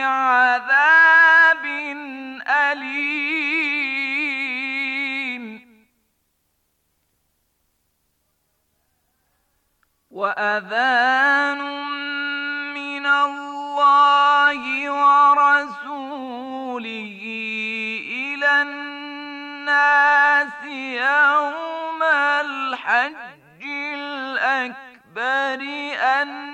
عذاب أليم وأذان من الله ورسوله إلى الناس يوم الحج الأكبر أن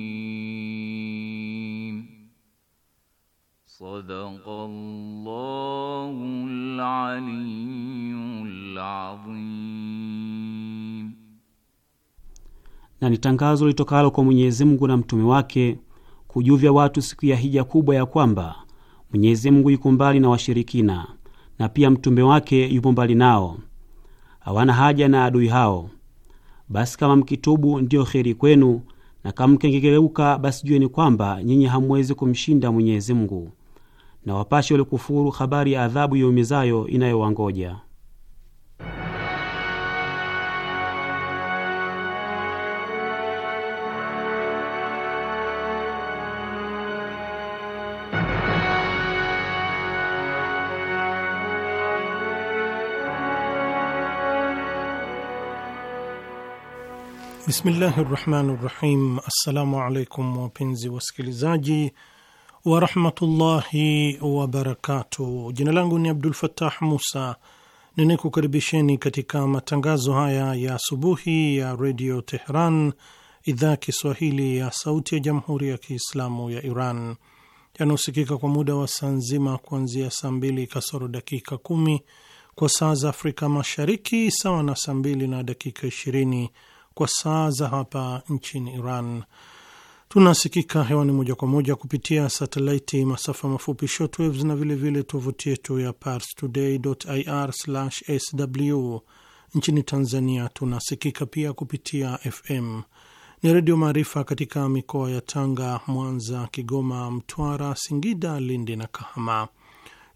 Na ni tangazo litokalo kwa Mwenyezi Mungu na mtume wake kujuvya watu siku ya hija kubwa ya kwamba Mwenyezi Mungu yuko mbali na washirikina na pia mtume wake yupo mbali nao, hawana haja na adui hao. Basi kama mkitubu ndiyo kheri kwenu, na kama mkengegeuka, basi jueni kwamba nyinyi hamwezi kumshinda Mwenyezi Mungu na wapashe waliokufuru habari ya adhabu yaumizayo inayowangoja. Bismillahi rahmani rahim. Assalamu alaikum wapenzi wasikilizaji warahmatullahi wabarakatu Jina langu ni Abdul fatah Musa, ninekukaribisheni katika matangazo haya ya asubuhi ya Redio Tehran, idhaa Kiswahili ya sauti ya Jamhuri ya Kiislamu ya Iran, yanaosikika kwa muda wa saa nzima kuanzia saa mbili kasoro dakika kumi kwa saa za Afrika Mashariki, sawa na saa mbili na dakika ishirini kwa saa za hapa nchini Iran. Tunasikika hewani moja kwa moja kupitia satelaiti, masafa mafupi shortwaves, na vilevile tovuti yetu ya parstoday.ir/sw. Nchini Tanzania tunasikika pia kupitia FM ni Redio Maarifa katika mikoa ya Tanga, Mwanza, Kigoma, Mtwara, Singida, Lindi na Kahama.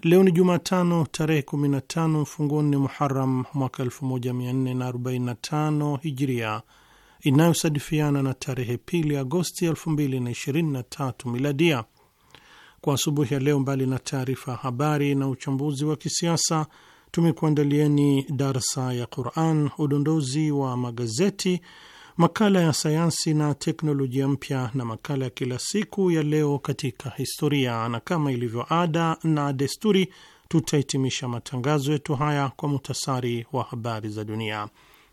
Leo ni Jumatano tarehe 15 mfungo nne Muharam mwaka 1445 Hijria, inayosadifiana na tarehe pili Agosti 2023 miladia. Kwa asubuhi ya leo, mbali na taarifa ya habari na uchambuzi wa kisiasa, tumekuandalieni darsa ya Quran, udondozi wa magazeti, makala ya sayansi na teknolojia mpya na makala ya kila siku ya leo katika historia, na kama ilivyo ada na desturi tutahitimisha matangazo yetu haya kwa muhtasari wa habari za dunia.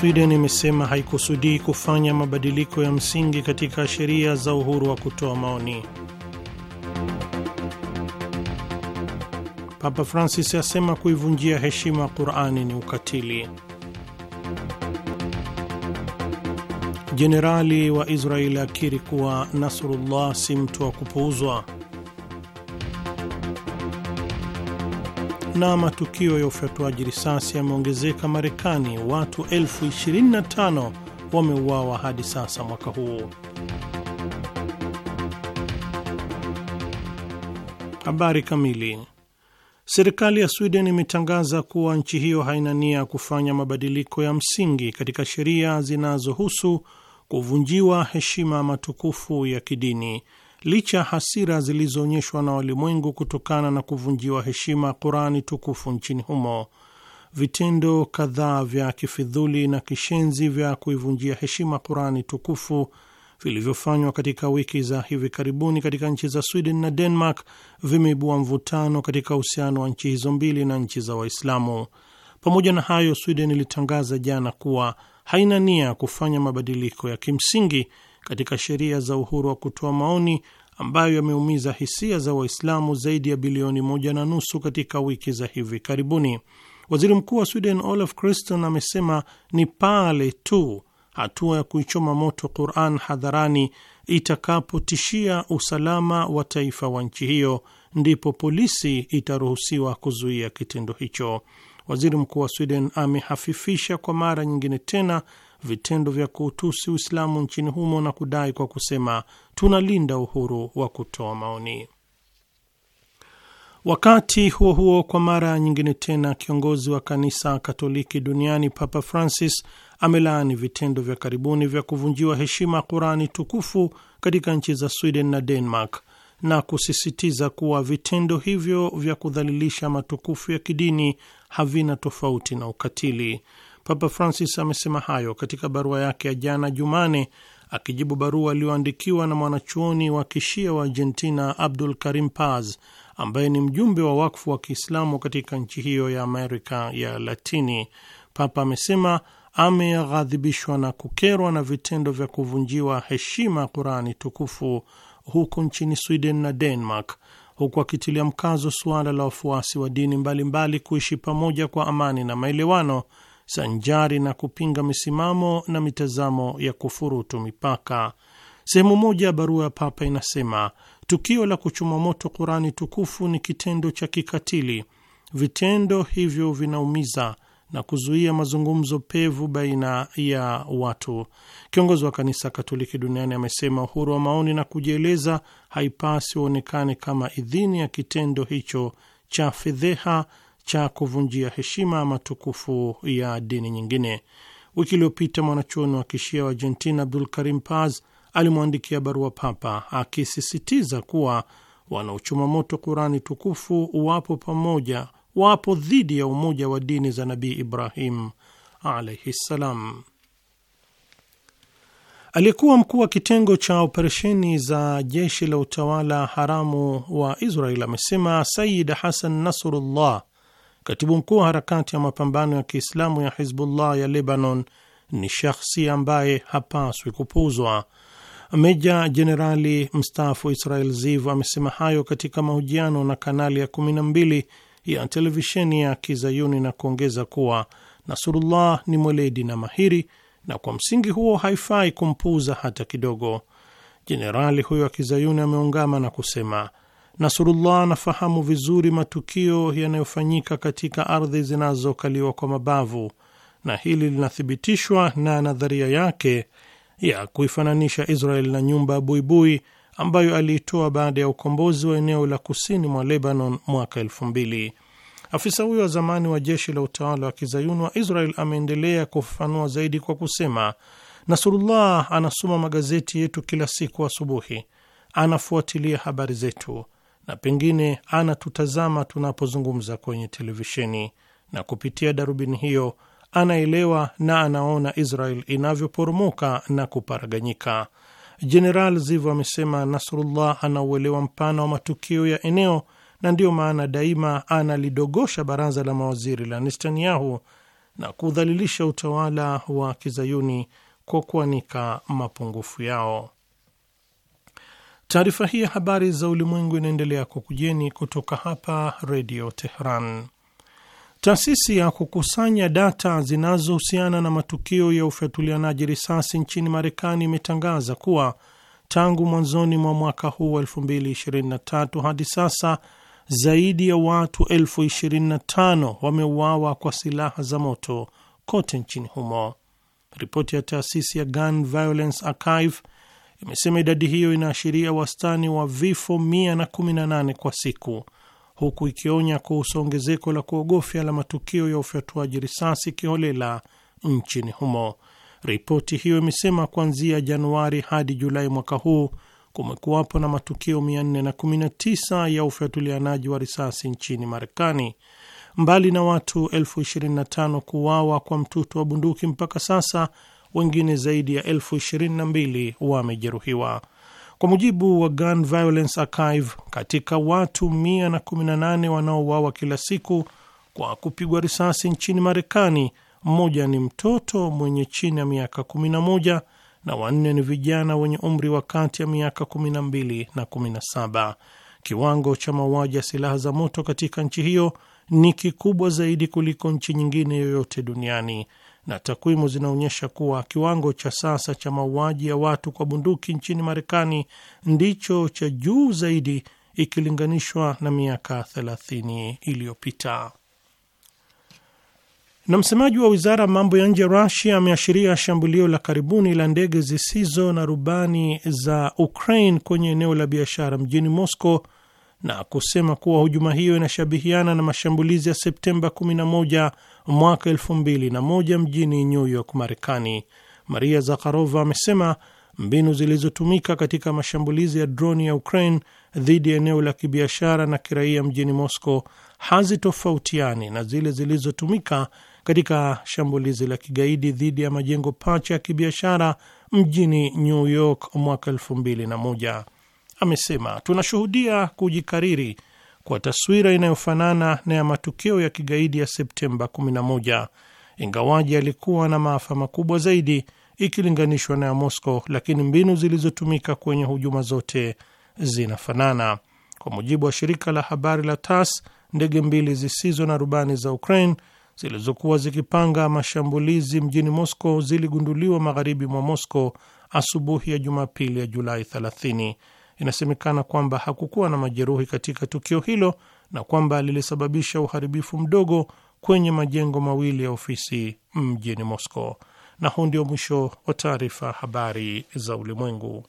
Sweden imesema haikusudii kufanya mabadiliko ya msingi katika sheria za uhuru wa kutoa maoni. Papa Francis asema kuivunjia heshima Qur'ani ni ukatili. Jenerali wa Israeli akiri kuwa Nasrullah si mtu wa kupuuzwa. na matukio ya ufyatuaji risasi yameongezeka Marekani, watu elfu 25 wameuawa hadi sasa mwaka huu. Habari kamili. Serikali ya Sweden imetangaza kuwa nchi hiyo haina nia ya kufanya mabadiliko ya msingi katika sheria zinazohusu kuvunjiwa heshima matukufu ya kidini licha ya hasira zilizoonyeshwa na walimwengu kutokana na kuvunjiwa heshima Qurani tukufu nchini humo, vitendo kadhaa vya kifidhuli na kishenzi vya kuivunjia heshima Qurani tukufu vilivyofanywa katika wiki za hivi karibuni katika nchi za Sweden na Denmark vimeibua mvutano katika uhusiano wa nchi hizo mbili na nchi za Waislamu. Pamoja na hayo, Sweden ilitangaza jana kuwa haina nia ya kufanya mabadiliko ya kimsingi katika sheria za uhuru wa kutoa maoni ambayo yameumiza hisia za Waislamu zaidi ya bilioni moja na nusu katika wiki za hivi karibuni. Waziri Mkuu wa Sweden Olaf criston amesema ni pale tu hatua ya kuichoma moto Quran hadharani itakapotishia usalama wa taifa wa nchi hiyo ndipo polisi itaruhusiwa kuzuia kitendo hicho. Waziri Mkuu wa Sweden amehafifisha kwa mara nyingine tena vitendo vya kuutusi Uislamu nchini humo na kudai kwa kusema tunalinda uhuru wa kutoa maoni. Wakati huo huo, kwa mara nyingine tena, kiongozi wa kanisa Katoliki duniani Papa Francis amelaani vitendo vya karibuni vya kuvunjiwa heshima Qurani tukufu katika nchi za Sweden na Denmark na kusisitiza kuwa vitendo hivyo vya kudhalilisha matukufu ya kidini havina tofauti na ukatili. Papa Francis amesema hayo katika barua yake ya jana Jumane, akijibu barua aliyoandikiwa na mwanachuoni wa kishia wa Argentina Abdul Karim Paz, ambaye ni mjumbe wa wakfu wa Kiislamu katika nchi hiyo ya Amerika ya Latini. Papa amesema ameghadhibishwa na kukerwa na vitendo vya kuvunjiwa heshima Qurani tukufu huko nchini Sweden na Denmark, huku akitilia mkazo suala la wafuasi wa dini mbalimbali mbali kuishi pamoja kwa amani na maelewano sanjari na kupinga misimamo na mitazamo ya kufurutu mipaka. Sehemu moja ya barua ya Papa inasema tukio la kuchoma moto Kurani tukufu ni kitendo cha kikatili. Vitendo hivyo vinaumiza na kuzuia mazungumzo pevu baina ya watu. Kiongozi wa kanisa Katoliki duniani amesema uhuru wa maoni na kujieleza haipasi uonekane kama idhini ya kitendo hicho cha fedheha cha kuvunjia heshima matukufu ya dini nyingine. Wiki iliyopita mwanachuoni wa kishia wa Argentina Abdul Karim Paz alimwandikia barua Papa akisisitiza kuwa wanaochoma moto Kurani tukufu wapo pamoja, wapo dhidi ya umoja wa dini za Nabii Ibrahim alaihi ssalam. Aliyekuwa mkuu wa kitengo cha operesheni za jeshi la utawala haramu wa Israel amesema Sayid Hasan Nasrullah Katibu mkuu wa harakati ya mapambano ya Kiislamu ya Hizbullah ya Lebanon ni shakhsi ambaye hapaswi kupuuzwa. Meja Jenerali mstaafu Israel Ziv amesema hayo katika mahojiano na kanali ya 12 ya televisheni ya Kizayuni na kuongeza kuwa Nasurullah ni mweledi na mahiri na kwa msingi huo haifai kumpuuza hata kidogo. Jenerali huyo wa Kizayuni ameungama na kusema Nasrullah anafahamu vizuri matukio yanayofanyika katika ardhi zinazokaliwa kwa mabavu, na hili linathibitishwa na nadharia yake ya kuifananisha Israel na nyumba ya buibui ambayo aliitoa baada ya ukombozi wa eneo la kusini mwa Lebanon mwaka elfu mbili. Afisa huyo wa zamani wa jeshi la utawala wa kizayuni wa Israel ameendelea kufafanua zaidi kwa kusema, Nasrullah anasoma magazeti yetu kila siku asubuhi, anafuatilia habari zetu na pengine anatutazama tunapozungumza kwenye televisheni, na kupitia darubini hiyo anaelewa na anaona Israel inavyoporomoka na kuparaganyika. Jeneral Zivo amesema Nasrullah anauelewa mpana wa matukio ya eneo na ndiyo maana daima analidogosha baraza la mawaziri la Netanyahu na kudhalilisha utawala wa kizayuni kwa kuanika mapungufu yao. Taarifa hii ya habari za ulimwengu inaendelea kukujeni kutoka hapa Redio Teheran. Taasisi ya kukusanya data zinazohusiana na matukio ya ufyatulianaji risasi nchini Marekani imetangaza kuwa tangu mwanzoni mwa mwaka huu wa 2023 hadi sasa zaidi ya watu 25 wameuawa kwa silaha za moto kote nchini humo. Ripoti ya taasisi ya Gun Violence Archive imesema idadi hiyo inaashiria wastani wa vifo 118 kwa siku, huku ikionya kuhusu ongezeko la kuogofya la matukio ya ufyatuaji risasi kiholela nchini humo. Ripoti hiyo imesema kuanzia Januari hadi Julai mwaka huu kumekuwapo na matukio 419 ya ufyatulianaji wa risasi nchini Marekani. Mbali na watu elfu 25 kuuawa kwa mtutu wa bunduki mpaka sasa, wengine zaidi ya elfu ishirini na mbili wamejeruhiwa kwa mujibu wa Gun Violence Archive. Katika watu 118 wanaouawa kila siku kwa kupigwa risasi nchini Marekani, mmoja ni mtoto mwenye chini ya miaka 11 na wanne ni vijana wenye umri wa kati ya miaka 12 na 17. Kiwango cha mauaji ya silaha za moto katika nchi hiyo ni kikubwa zaidi kuliko nchi nyingine yoyote duniani na takwimu zinaonyesha kuwa kiwango cha sasa cha mauaji ya watu kwa bunduki nchini Marekani ndicho cha juu zaidi ikilinganishwa na miaka 30 iliyopita. Na msemaji wa wizara ya mambo ya nje ya Rusia ameashiria shambulio la karibuni la ndege zisizo na rubani za Ukraine kwenye eneo la biashara mjini Moscow na kusema kuwa hujuma hiyo inashabihiana na mashambulizi ya Septemba 11 mwaka moja mjini New York, Marekani. Maria Zakharova amesema mbinu zilizotumika katika mashambulizi ya droni ya Ukraine dhidi ya eneo la kibiashara na kiraia mjini Moscow hazitofautiani na zile zilizotumika katika shambulizi la kigaidi dhidi ya majengo pacha ya kibiashara mjini New York mwaka moja. Amesema tunashuhudia kujikariri kwa taswira inayofanana na ya matukio ya kigaidi ya Septemba 11 ingawaji alikuwa na maafa makubwa zaidi ikilinganishwa na ya Moscow, lakini mbinu zilizotumika kwenye hujuma zote zinafanana. Kwa mujibu wa shirika la habari la TASS, ndege mbili zisizo na rubani za Ukraine zilizokuwa zikipanga mashambulizi mjini Moscow ziligunduliwa magharibi mwa Moscow asubuhi ya Jumapili ya Julai 30. Inasemekana kwamba hakukuwa na majeruhi katika tukio hilo na kwamba lilisababisha uharibifu mdogo kwenye majengo mawili ya ofisi mjini Moscow. Na huu ndio mwisho wa taarifa habari za ulimwengu.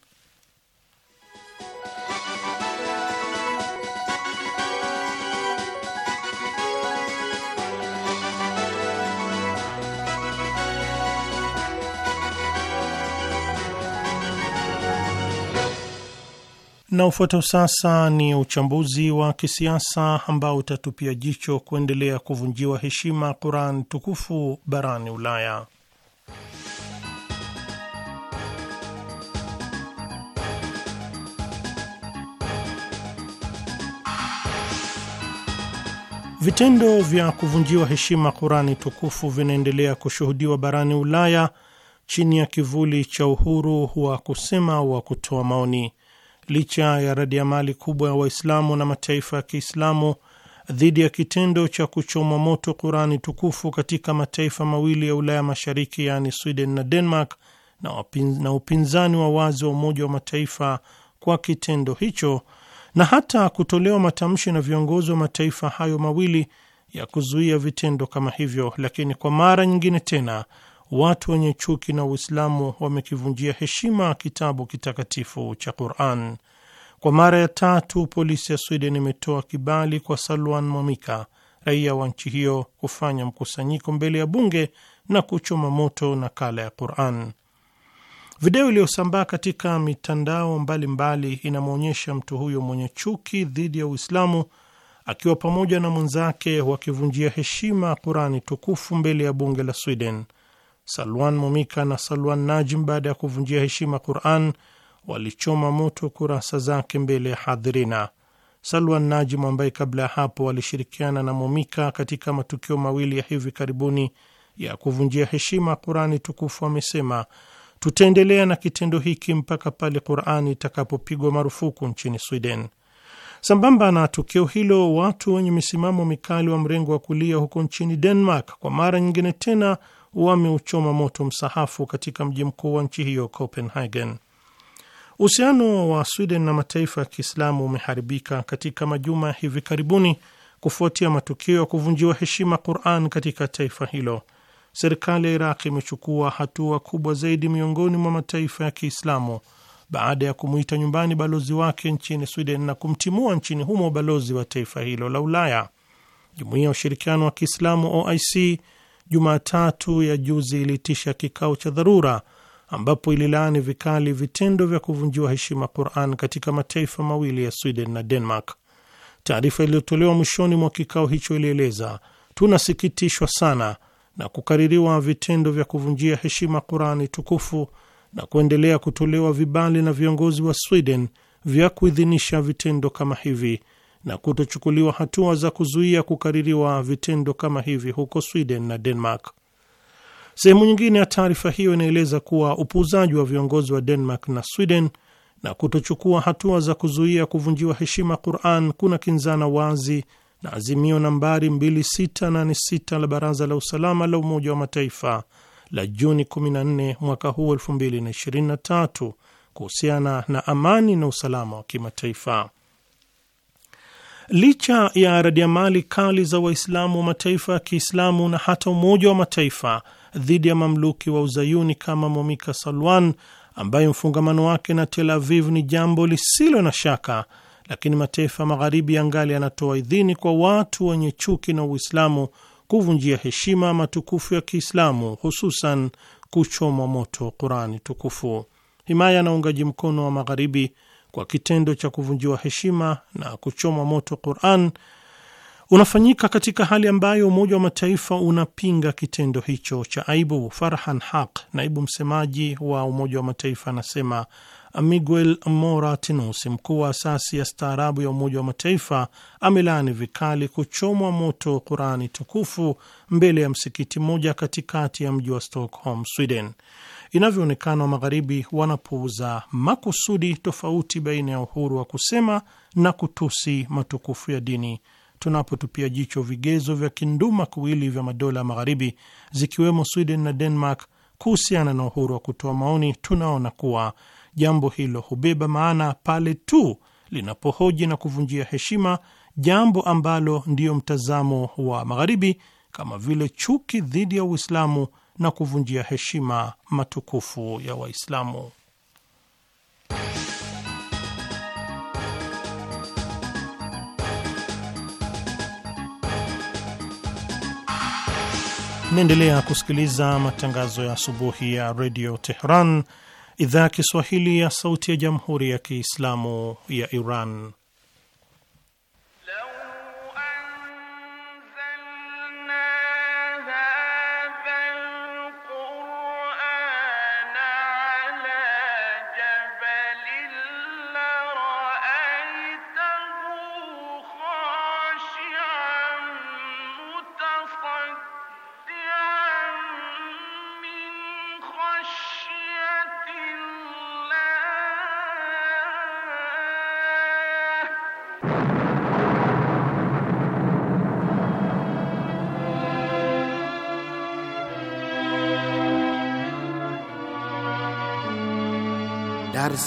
Na ufuatao sasa ni uchambuzi wa kisiasa ambao utatupia jicho kuendelea kuvunjiwa heshima Quran tukufu barani Ulaya. Vitendo vya kuvunjiwa heshima Qurani tukufu vinaendelea kushuhudiwa barani Ulaya chini ya kivuli cha uhuru wa kusema wa kutoa maoni licha ya radiamali kubwa ya Waislamu na mataifa ya Kiislamu dhidi ya kitendo cha kuchoma moto Qurani tukufu katika mataifa mawili ya Ulaya Mashariki, yaani Sweden na Denmark, na, upin, na upinzani wa wazi wa Umoja wa Mataifa kwa kitendo hicho na hata kutolewa matamshi na viongozi wa mataifa hayo mawili ya kuzuia vitendo kama hivyo, lakini kwa mara nyingine tena watu wenye chuki na Uislamu wamekivunjia heshima kitabu kitakatifu cha Quran. Kwa mara ya tatu, polisi ya Sweden imetoa kibali kwa Salwan mwamika raia wa nchi hiyo, kufanya mkusanyiko mbele ya bunge na kuchoma moto nakala ya Quran. Video iliyosambaa katika mitandao mbalimbali inamwonyesha mtu huyo mwenye chuki dhidi ya Uislamu akiwa pamoja na mwenzake wakivunjia heshima Qurani tukufu mbele ya bunge la Sweden. Salwan Mumika na Salwan Najm, baada ya kuvunjia heshima Quran, walichoma moto kurasa zake mbele ya hadhirina. Salwan Najm, ambaye kabla ya hapo walishirikiana na Momika katika matukio mawili ya hivi karibuni ya kuvunjia heshima Qurani tukufu, amesema tutaendelea na kitendo hiki mpaka pale Qurani itakapopigwa marufuku nchini Sweden. Sambamba na tukio hilo, watu wenye misimamo mikali wa mrengo wa kulia huko nchini Denmark kwa mara nyingine tena wameuchoma moto msahafu katika mji mkuu wa nchi hiyo Copenhagen. Uhusiano wa Sweden na mataifa ya Kiislamu umeharibika katika majuma ya hivi karibuni kufuatia matukio ya kuvunjiwa heshima Quran katika taifa hilo. Serikali ya Iraq imechukua hatua kubwa zaidi miongoni mwa mataifa ya Kiislamu baada ya kumwita nyumbani balozi wake nchini Sweden na kumtimua nchini humo balozi wa taifa hilo la Ulaya. Jumuiya ya Ushirikiano wa Kiislamu OIC Jumatatu ya juzi iliitisha kikao cha dharura ambapo ililaani vikali vitendo vya kuvunjiwa heshima Quran katika mataifa mawili ya Sweden na Denmark. Taarifa iliyotolewa mwishoni mwa kikao hicho ilieleza, tunasikitishwa sana na kukaririwa vitendo vya kuvunjia heshima Qurani tukufu na kuendelea kutolewa vibali na viongozi wa Sweden vya kuidhinisha vitendo kama hivi na kutochukuliwa hatua za kuzuia kukaririwa vitendo kama hivi huko Sweden na Denmark. Sehemu nyingine ya taarifa hiyo inaeleza kuwa upuuzaji wa viongozi wa Denmark na Sweden na kutochukua hatua za kuzuia kuvunjiwa heshima Quran kuna kinzana wazi na azimio nambari 2686 la Baraza la Usalama la Umoja wa Mataifa la Juni 14 mwaka huu 2023 kuhusiana na amani na usalama wa kimataifa. Licha ya radiamali kali za Waislamu wa mataifa ya Kiislamu na hata Umoja wa Mataifa dhidi ya mamluki wa uzayuni kama Momika Salwan ambaye mfungamano wake na Tel Aviv ni jambo lisilo na shaka, lakini mataifa magharibi yangali yanatoa idhini kwa watu wenye chuki na Uislamu kuvunjia heshima matukufu ya Kiislamu, hususan kuchomwa moto Qurani tukufu. Himaya na uungaji mkono wa magharibi kwa kitendo cha kuvunjiwa heshima na kuchomwa moto Quran unafanyika katika hali ambayo Umoja wa Mataifa unapinga kitendo hicho cha aibu. Farhan Haq, naibu msemaji wa Umoja wa Mataifa, anasema Miguel moratinos mkuu wa asasi ya staarabu ya Umoja wa Mataifa, amelaani vikali kuchomwa moto Qurani tukufu mbele ya msikiti mmoja katikati ya mji wa Stockholm, Sweden. Inavyoonekana, wa Magharibi wanapuuza makusudi tofauti baina ya uhuru wa kusema na kutusi matukufu ya dini. Tunapotupia jicho vigezo vya kinduma kuwili vya madola ya Magharibi, zikiwemo Sweden na Denmark kuhusiana na uhuru wa kutoa maoni, tunaona kuwa jambo hilo hubeba maana pale tu linapohoji na kuvunjia heshima jambo ambalo ndiyo mtazamo wa Magharibi, kama vile chuki dhidi ya Uislamu na kuvunjia heshima matukufu ya Waislamu. Naendelea kusikiliza matangazo ya asubuhi ya redio Tehran, idhaa ya Kiswahili ya sauti ya jamhuri ya kiislamu ya Iran.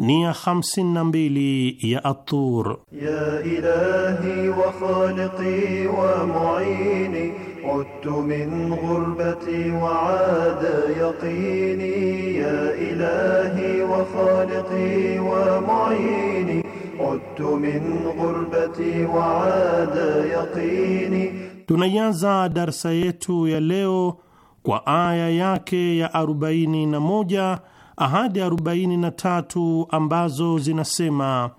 nia hamsini na mbili ya Atur. Ya ilahi wa khaliqi wa muini عدت من غربتي وعاد يقيني يا إلهي وخالقي ومعيني عدت من غربتي وعاد يقيني Tunaianza darsa yetu ya leo kwa aya yake ya arobaini na moja ahadi 43 ambazo zinasema: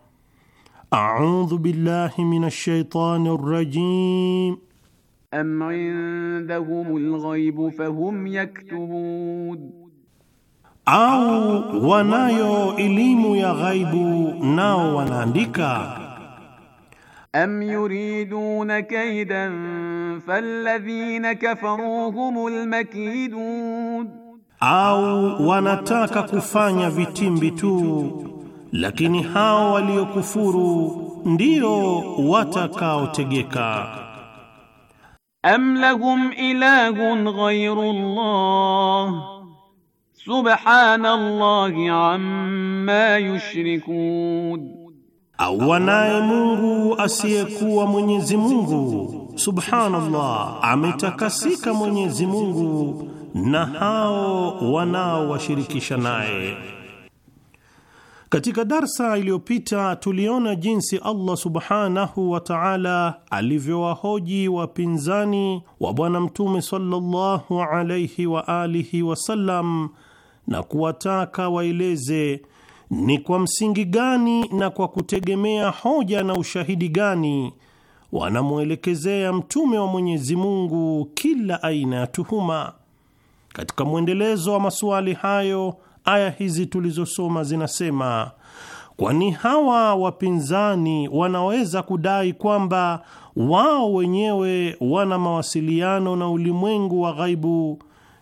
audhu billahi minash shaitani rajim am indahumul ghaibu fahum yaktubun, au wanayo elimu ya ghaibu nao wanaandika. am yuriduna kaidan falladhina kafaru humul makidun au wanataka kufanya vitimbi tu, lakini hao waliokufuru ndio watakaotegeka. Am lahum ilahun ghayru Allah subhanallahi amma yushrikun, au wanaye Mungu asiyekuwa Mwenyezi Mungu. Subhanallah, ametakasika Mwenyezi Mungu na hao wanaowashirikisha naye. Katika darsa iliyopita tuliona jinsi Allah subhanahu wa ta'ala alivyowahoji wapinzani wa Bwana Mtume sallallahu alayhi wa alihi wasallam na kuwataka waeleze ni kwa msingi gani na kwa kutegemea hoja na ushahidi gani wanamwelekezea mtume wa Mwenyezi Mungu kila aina ya tuhuma. Katika mwendelezo wa masuali hayo, aya hizi tulizosoma zinasema, kwani hawa wapinzani wanaweza kudai kwamba wao wenyewe wana mawasiliano na ulimwengu wa ghaibu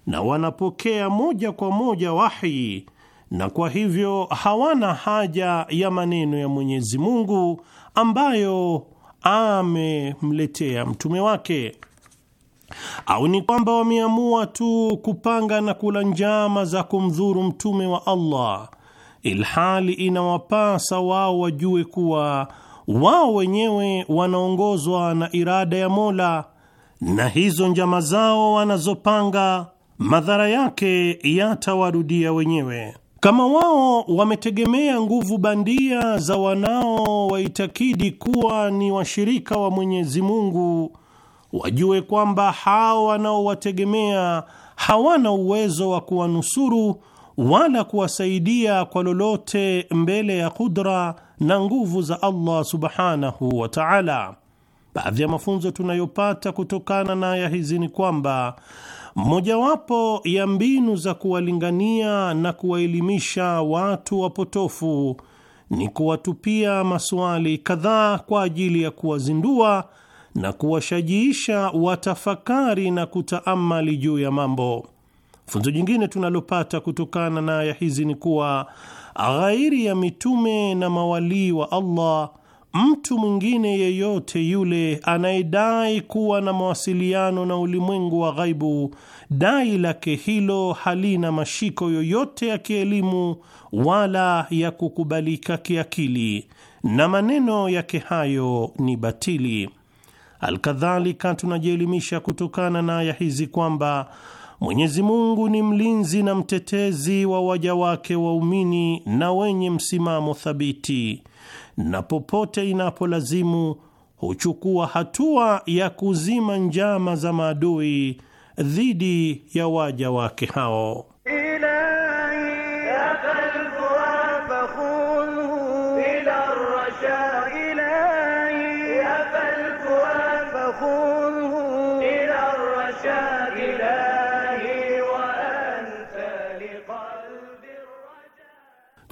na wanapokea moja kwa moja wahi na kwa hivyo hawana haja ya maneno ya Mwenyezi Mungu ambayo amemletea mtume wake au ni kwamba wameamua tu kupanga na kula njama za kumdhuru mtume wa Allah, ilhali inawapasa wao wajue kuwa wao wenyewe wanaongozwa na irada ya Mola, na hizo njama zao wanazopanga madhara yake yatawarudia wenyewe. Kama wao wametegemea nguvu bandia za wanaowaitakidi kuwa ni washirika wa Mwenyezi Mungu wajue kwamba hao wanaowategemea hawana uwezo wa kuwanusuru wala kuwasaidia kwa lolote mbele ya kudra na nguvu za Allah subhanahu wa ta'ala. Baadhi ya mafunzo tunayopata kutokana na aya hizi ni kwamba mojawapo ya mbinu za kuwalingania na kuwaelimisha watu wapotofu ni kuwatupia maswali kadhaa kwa ajili ya kuwazindua na kuwashajiisha watafakari na kutaamali juu ya mambo. Funzo jingine tunalopata kutokana na aya hizi ni kuwa ghairi ya mitume na mawalii wa Allah, mtu mwingine yeyote yule anayedai kuwa na mawasiliano na ulimwengu wa ghaibu, dai lake hilo halina mashiko yoyote ya kielimu wala ya kukubalika kiakili, na maneno yake hayo ni batili. Alkadhalika, tunajielimisha kutokana na aya hizi kwamba Mwenyezi Mungu ni mlinzi na mtetezi wa waja wake waumini na wenye msimamo thabiti, na popote inapolazimu huchukua hatua ya kuzima njama za maadui dhidi ya waja wake hao.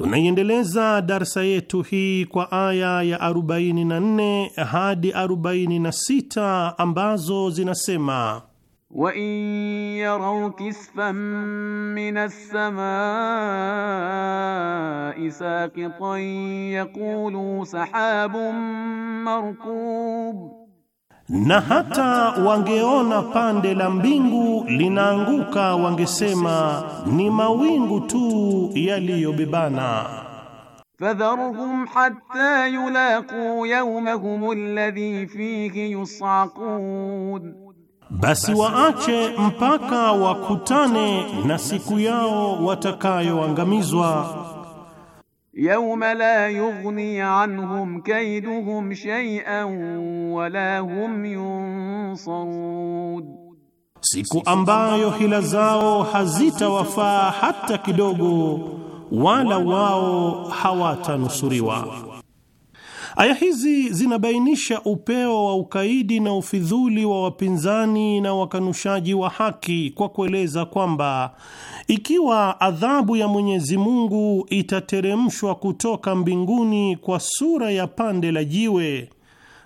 Tunaiendeleza darsa yetu hii kwa aya ya 44 hadi 46 ambazo zinasema wa in yarau kisfan min as-samai saqitan yaqulu sahabun markub na hata wangeona pande la mbingu linaanguka, wangesema ni mawingu tu yaliyobebana. Fadharhum hatta yulaqu yawmahum alladhi fihi yusaqun, basi waache mpaka wakutane na siku yao watakayoangamizwa. Yauma la yughni anhum kaiduhum shay'an wala hum yunsarun siku ambayo hila zao hazitawafaa hata kidogo, wala wao hawatanusuriwa. Aya hizi zinabainisha upeo wa ukaidi na ufidhuli wa wapinzani na wakanushaji wa haki kwa kueleza kwamba ikiwa adhabu ya Mwenyezi Mungu itateremshwa kutoka mbinguni kwa sura ya pande la jiwe,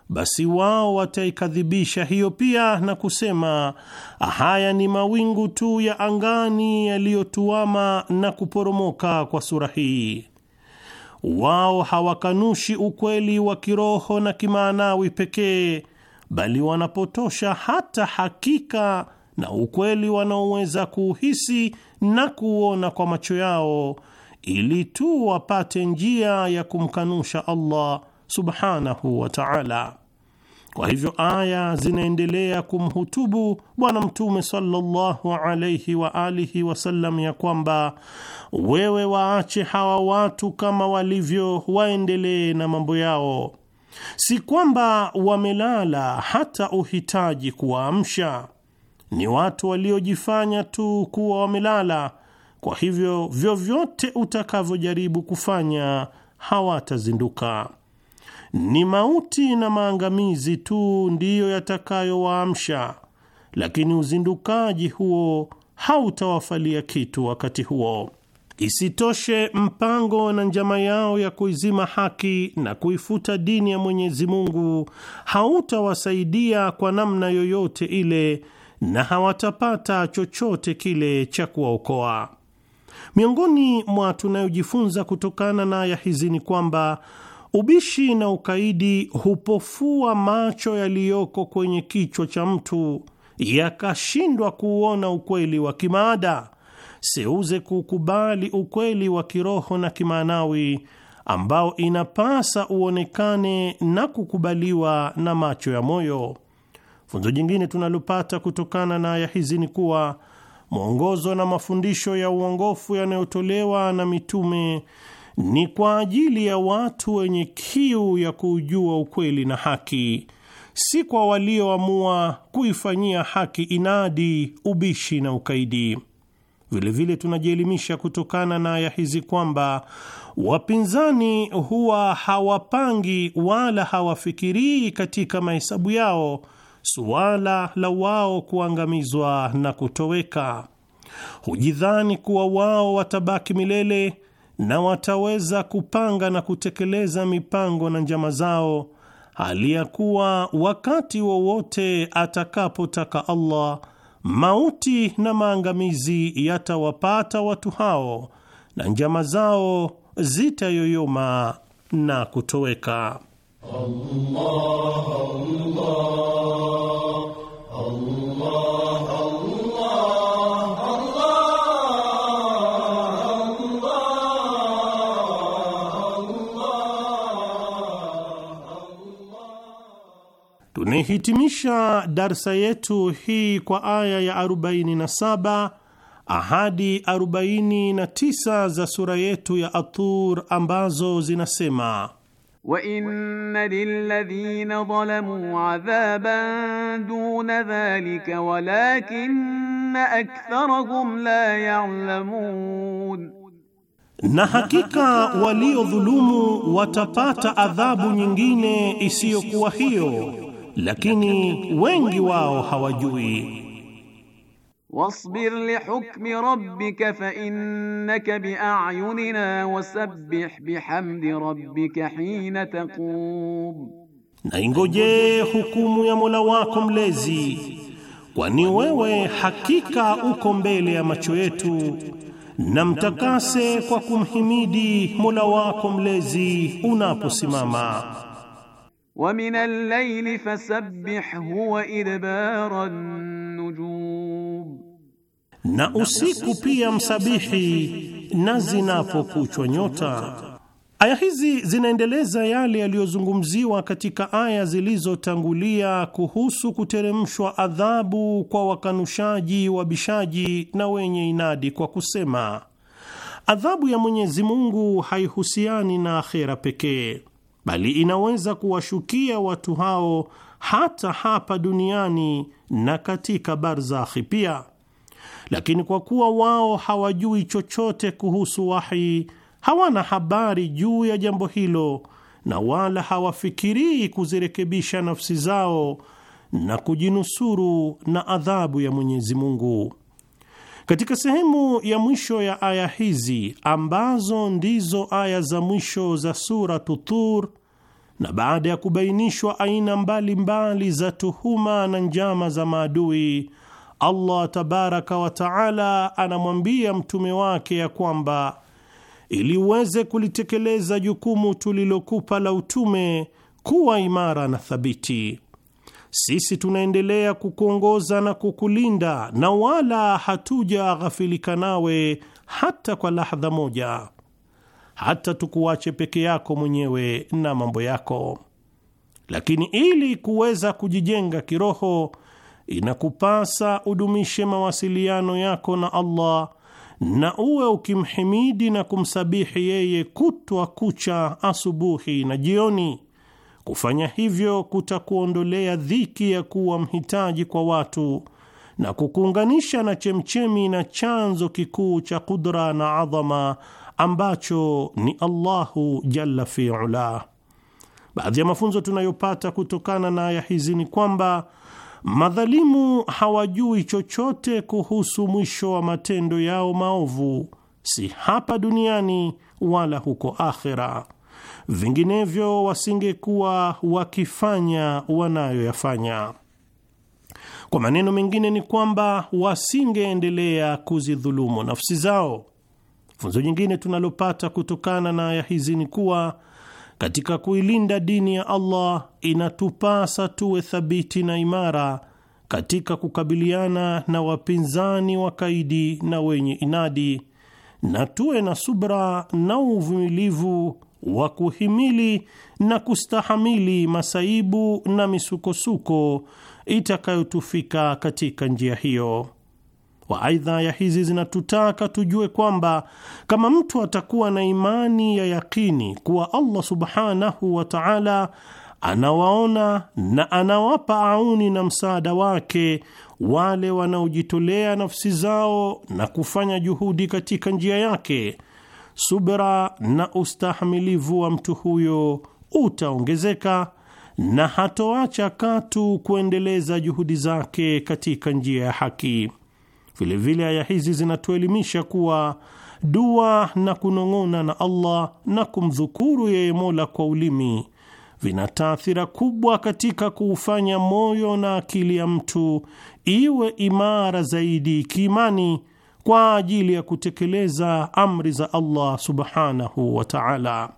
basi wao wataikadhibisha hiyo pia na kusema haya ni mawingu tu ya angani yaliyotuama na kuporomoka kwa sura hii wao hawakanushi ukweli wa kiroho na kimaanawi pekee, bali wanapotosha hata hakika na ukweli wanaoweza kuuhisi na kuuona kwa macho yao, ili tu wapate njia ya kumkanusha Allah subhanahu wa ta'ala. Kwa hivyo aya zinaendelea kumhutubu Bwana Mtume sallallahu alaihi wa alihi wasallam ya kwamba wewe waache hawa watu kama walivyo, waendelee na mambo yao, si kwamba wamelala hata uhitaji kuwaamsha. Ni watu waliojifanya tu kuwa wamelala. Kwa hivyo vyovyote utakavyojaribu kufanya hawatazinduka ni mauti na maangamizi tu ndiyo yatakayowaamsha, lakini uzindukaji huo hautawafalia kitu wakati huo. Isitoshe, mpango na njama yao ya kuizima haki na kuifuta dini ya Mwenyezi Mungu hautawasaidia kwa namna yoyote ile, na hawatapata chochote kile cha kuwaokoa. Miongoni mwa tunayojifunza kutokana na aya hizi ni kwamba Ubishi na ukaidi hupofua macho yaliyoko kwenye kichwa cha mtu yakashindwa kuuona ukweli wa kimaada, siuze kukubali ukweli wa kiroho na kimaanawi ambao inapasa uonekane na kukubaliwa na macho ya moyo. Funzo jingine tunalopata kutokana na aya hizi ni kuwa mwongozo na mafundisho ya uongofu yanayotolewa na mitume ni kwa ajili ya watu wenye kiu ya kuujua ukweli na haki, si kwa walioamua kuifanyia haki inadi, ubishi na ukaidi. Vilevile tunajielimisha kutokana na aya hizi kwamba wapinzani huwa hawapangi wala hawafikirii katika mahesabu yao suala la wao kuangamizwa na kutoweka. Hujidhani kuwa wao watabaki milele na wataweza kupanga na kutekeleza mipango na njama zao, hali ya kuwa wakati wowote atakapotaka Allah, mauti na maangamizi yatawapata watu hao na njama zao zitayoyoma na kutoweka. Allah, Allah, Allah. Tumehitimisha darsa yetu hii kwa aya ya 47 ahadi 49 za sura yetu ya Atur ambazo zinasema wa inna lilladhina zalamu adhaban duna dhalika walakinna aktharahum la ya'lamun, na hakika waliodhulumu watapata adhabu nyingine isiyokuwa hiyo lakini wengi wao hawajui. Wasbir hukmi rabbika fa innaka biayunina wasabbih bihamdi rabbika hina taqum, na ingoje hukumu ya Mola wako mlezi, kwani wewe hakika uko mbele ya macho yetu, na mtakase kwa kumhimidi Mola wako mlezi unaposimama wa min al-layli fasabbihu wa idbara an-nujum, na usiku pia msabihi na zinapokuchwa nyota. Aya hizi zinaendeleza yale yaliyozungumziwa katika aya zilizotangulia kuhusu kuteremshwa adhabu kwa wakanushaji, wabishaji na wenye inadi kwa kusema adhabu ya Mwenyezi Mungu haihusiani na akhera pekee bali inaweza kuwashukia watu hao hata hapa duniani na katika barzakhi pia. Lakini kwa kuwa wao hawajui chochote kuhusu wahi, hawana habari juu ya jambo hilo na wala hawafikirii kuzirekebisha nafsi zao na kujinusuru na adhabu ya Mwenyezi Mungu. Katika sehemu ya mwisho ya aya hizi ambazo ndizo aya za mwisho za Suratu Tur, na baada ya kubainishwa aina mbalimbali mbali za tuhuma na njama za maadui, Allah tabaraka wa taala anamwambia mtume wake ya kwamba ili uweze kulitekeleza jukumu tulilokupa la utume, kuwa imara na thabiti sisi tunaendelea kukuongoza na kukulinda na wala hatujaghafilika nawe hata kwa lahdha moja, hata tukuache peke yako mwenyewe na mambo yako. Lakini ili kuweza kujijenga kiroho, inakupasa udumishe mawasiliano yako na Allah na uwe ukimhimidi na kumsabihi yeye kutwa kucha, asubuhi na jioni Kufanya hivyo kutakuondolea dhiki ya kuwa mhitaji kwa watu na kukuunganisha na chemchemi na chanzo kikuu cha kudra na adhama ambacho ni Allahu jalla fiula. Baadhi ya mafunzo tunayopata kutokana na aya hizi ni kwamba madhalimu hawajui chochote kuhusu mwisho wa matendo yao maovu, si hapa duniani wala huko akhera vinginevyo wasingekuwa wakifanya wanayoyafanya. Kwa maneno mengine, ni kwamba wasingeendelea kuzidhulumu nafsi zao. Funzo jingine tunalopata kutokana na aya hizi ni kuwa katika kuilinda dini ya Allah inatupasa tuwe thabiti na imara katika kukabiliana na wapinzani wakaidi na wenye inadi, na tuwe na subra na uvumilivu wa kuhimili na kustahamili masaibu na misukosuko itakayotufika katika njia hiyo. wa aidha ya hizi zinatutaka tujue kwamba kama mtu atakuwa na imani ya yakini kuwa Allah subhanahu wa ta'ala anawaona na anawapa auni na msaada wake wale wanaojitolea nafsi zao na kufanya juhudi katika njia yake subra na ustahamilivu wa mtu huyo utaongezeka na hatoacha katu kuendeleza juhudi zake katika njia ya haki. Vilevile aya hizi zinatuelimisha kuwa dua na kunong'ona na Allah na kumdhukuru yeye Mola kwa ulimi vina taathira kubwa katika kuufanya moyo na akili ya mtu iwe imara zaidi kiimani kwa ajili ya kutekeleza amri za Allah subhanahu wa ta'ala.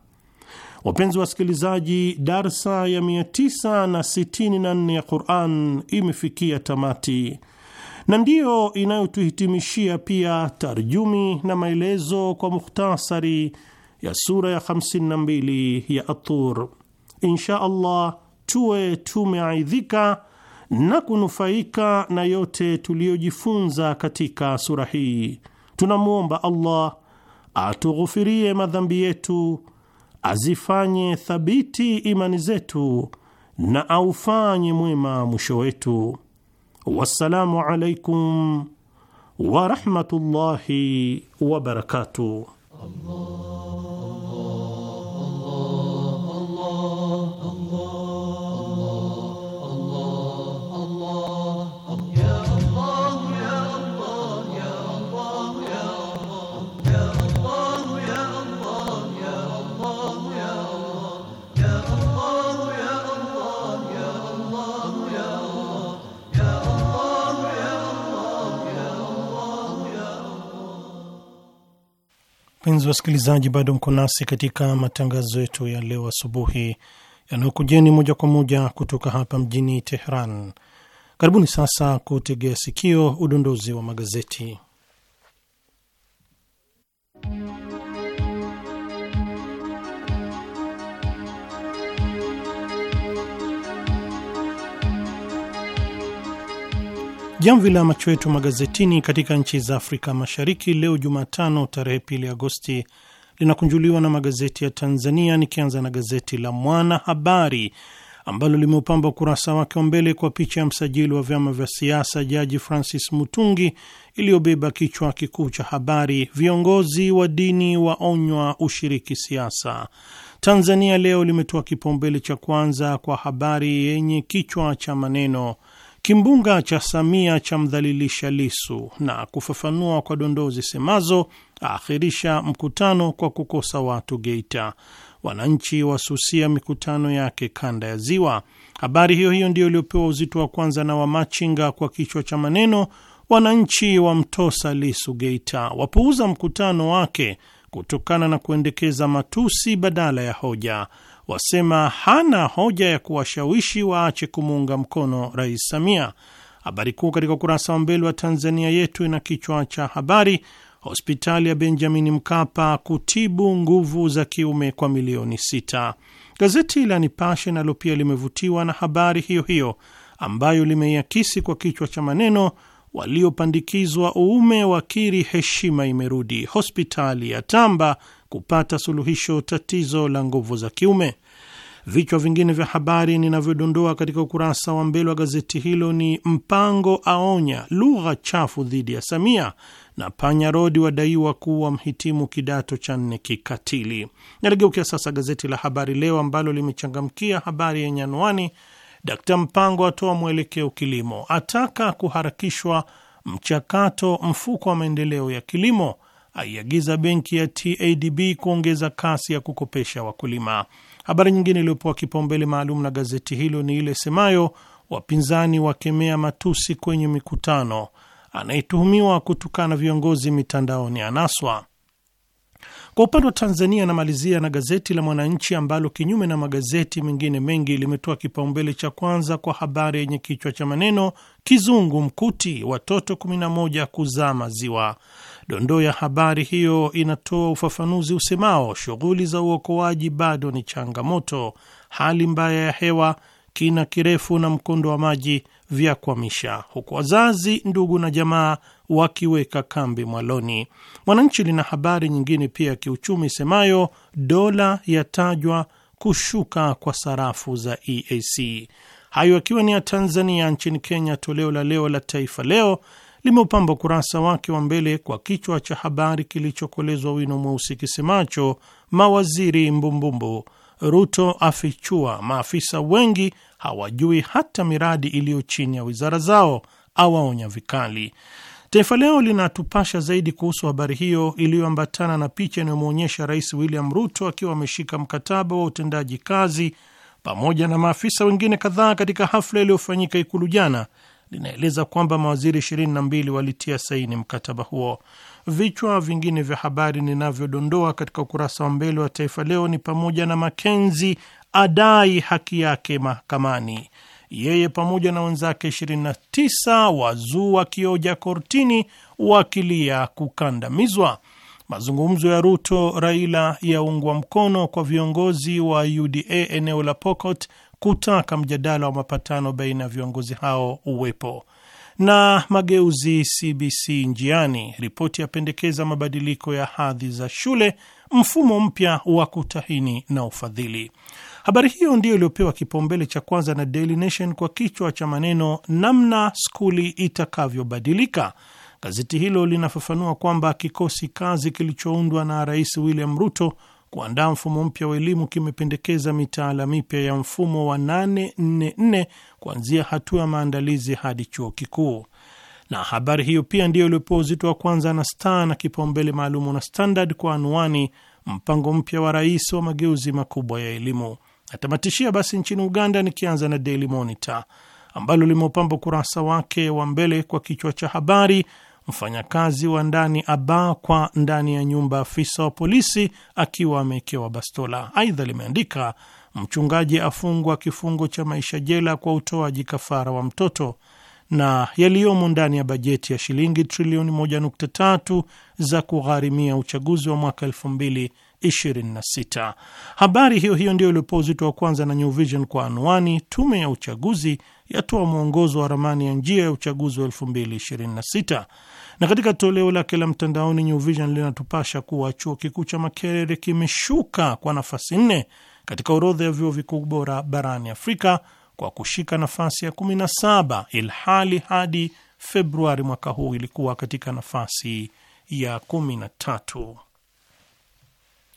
Wapenzi wasikilizaji, darsa ya 964 ya Quran imefikia tamati na ndiyo inayotuhitimishia pia tarjumi na maelezo kwa mukhtasari ya sura ya 52 ya Atur. Insha Allah tuwe tumeaidhika na kunufaika na yote tuliyojifunza katika sura hii, tunamwomba Allah atughufirie madhambi yetu, azifanye thabiti imani zetu na aufanye mwema mwisho wetu. Wassalamu alaikum warahmatullahi wabarakatuh. Wapenzi wasikilizaji, bado mko nasi katika matangazo yetu ya leo asubuhi yanayokujeni moja kwa moja kutoka hapa mjini Tehran. Karibuni sasa kutegea sikio udondozi wa magazeti. Jamvi la macho yetu magazetini katika nchi za Afrika Mashariki leo Jumatano tarehe pili Agosti linakunjuliwa na magazeti ya Tanzania, nikianza na gazeti la Mwana Habari ambalo limeupamba ukurasa wake wa mbele kwa picha ya msajili wa vyama vya siasa Jaji Francis Mutungi iliyobeba kichwa kikuu cha habari, viongozi wa dini waonywa ushiriki siasa. Tanzania Leo limetoa kipaumbele cha kwanza kwa habari yenye kichwa cha maneno kimbunga cha Samia cha mdhalilisha Lisu na kufafanua kwa dondoo zisemazo aakhirisha mkutano kwa kukosa watu Geita, wananchi wasusia mikutano yake kanda ya Ziwa. Habari hiyo hiyo ndiyo iliyopewa uzito wa kwanza na Wamachinga kwa kichwa cha maneno wananchi wamtosa Lisu Geita, wapuuza mkutano wake kutokana na kuendekeza matusi badala ya hoja wasema hana hoja ya kuwashawishi waache kumuunga mkono Rais Samia. Habari kuu katika ukurasa wa mbele wa Tanzania Yetu ina kichwa cha habari, hospitali ya Benjamin Mkapa kutibu nguvu za kiume kwa milioni sita. Gazeti la Nipashe nalo pia limevutiwa na habari hiyo hiyo ambayo limeiakisi kwa kichwa cha maneno, waliopandikizwa uume wakiri heshima imerudi, hospitali ya tamba kupata suluhisho tatizo la nguvu za kiume. Vichwa vingine vya habari ninavyodondoa katika ukurasa wa mbele wa gazeti hilo ni Mpango aonya lugha chafu dhidi ya Samia na panya rodi wadaiwa kuwa mhitimu kidato cha nne kikatili. Naligeukia sasa gazeti la Habari Leo ambalo limechangamkia habari yenye anwani Dkt Mpango atoa mwelekeo kilimo, ataka kuharakishwa mchakato mfuko wa maendeleo ya kilimo aiagiza benki ya TADB kuongeza kasi ya kukopesha wakulima. Habari nyingine iliyopewa kipaumbele maalum na gazeti hilo ni ile semayo wapinzani wakemea matusi kwenye mikutano, anayetuhumiwa kutukana viongozi mitandaoni anaswa. Kwa upande wa Tanzania anamalizia na gazeti la Mwananchi ambalo kinyume na magazeti mengine mengi limetoa kipaumbele cha kwanza kwa habari yenye kichwa cha maneno kizungu mkuti, watoto 11 kuzama ziwa. Dondoo ya habari hiyo inatoa ufafanuzi usemao shughuli za uokoaji bado ni changamoto, hali mbaya ya hewa, kina kirefu na mkondo wa maji vya kwamisha huku wazazi, ndugu na jamaa wakiweka kambi mwaloni. Mwananchi lina habari nyingine pia ya kiuchumi isemayo dola yatajwa kushuka kwa sarafu za EAC. Hayo akiwa ni ya Tanzania. Nchini Kenya, toleo la leo la Taifa Leo limeupamba ukurasa wake wa mbele kwa kichwa cha habari kilichokolezwa wino mweusi kisemacho mawaziri mbumbumbu, Ruto afichua maafisa wengi hawajui hata miradi iliyo chini ya wizara zao, awaonya vikali. Taifa Leo linatupasha zaidi kuhusu habari hiyo iliyoambatana na picha inayomwonyesha Rais William Ruto akiwa ameshika mkataba wa utendaji kazi pamoja na maafisa wengine kadhaa katika hafla iliyofanyika Ikulu jana linaeleza kwamba mawaziri 22 walitia saini mkataba huo. Vichwa vingine vya habari ninavyodondoa katika ukurasa wa mbele wa Taifa Leo ni pamoja na Makenzi adai haki yake mahakamani, yeye pamoja na wenzake 29 wazuu kioja kortini wakilia kukandamizwa. Mazungumzo ya Ruto Raila yaungwa mkono kwa viongozi wa UDA eneo la Pokot kutaka mjadala wa mapatano baina ya viongozi hao uwepo. Na mageuzi CBC njiani, ripoti yapendekeza mabadiliko ya hadhi za shule, mfumo mpya wa kutahini na ufadhili. Habari hiyo ndiyo iliyopewa kipaumbele cha kwanza na Daily Nation kwa kichwa cha maneno namna skuli itakavyobadilika. Gazeti hilo linafafanua kwamba kikosi kazi kilichoundwa na Rais William Ruto kuandaa mfumo mpya wa elimu kimependekeza mitaala mipya ya mfumo wa 844 kuanzia hatua ya maandalizi hadi chuo kikuu. Na habari hiyo pia ndiyo iliyopewa uzito wa kwanza na Star na kipaumbele maalumu na Standard kwa anwani mpango mpya wa rais wa mageuzi makubwa ya elimu. Natamatishia basi nchini Uganda, nikianza na Daily Monitor ambalo limeupamba ukurasa wake wa mbele kwa kichwa cha habari mfanyakazi wa ndani aba kwa ndani ya nyumba afisa wa polisi akiwa amewekewa bastola. Aidha limeandika mchungaji afungwa kifungo cha maisha jela kwa utoaji kafara wa mtoto na yaliyomo ndani ya bajeti ya shilingi trilioni 1.3 za kugharimia uchaguzi wa mwaka 2024 26. Habari hiyo hiyo ndiyo iliyopewa uzito wa kwanza na New Vision kwa anwani, tume ya uchaguzi yatoa mwongozo wa ramani ya njia ya uchaguzi wa 2026. Na katika toleo lake la mtandaoni, New Vision linatupasha kuwa chuo kikuu cha Makerere kimeshuka kwa nafasi nne katika orodha ya vyuo vikuu bora barani Afrika kwa kushika nafasi ya 17 ilhali hadi Februari mwaka huu ilikuwa katika nafasi ya tatu.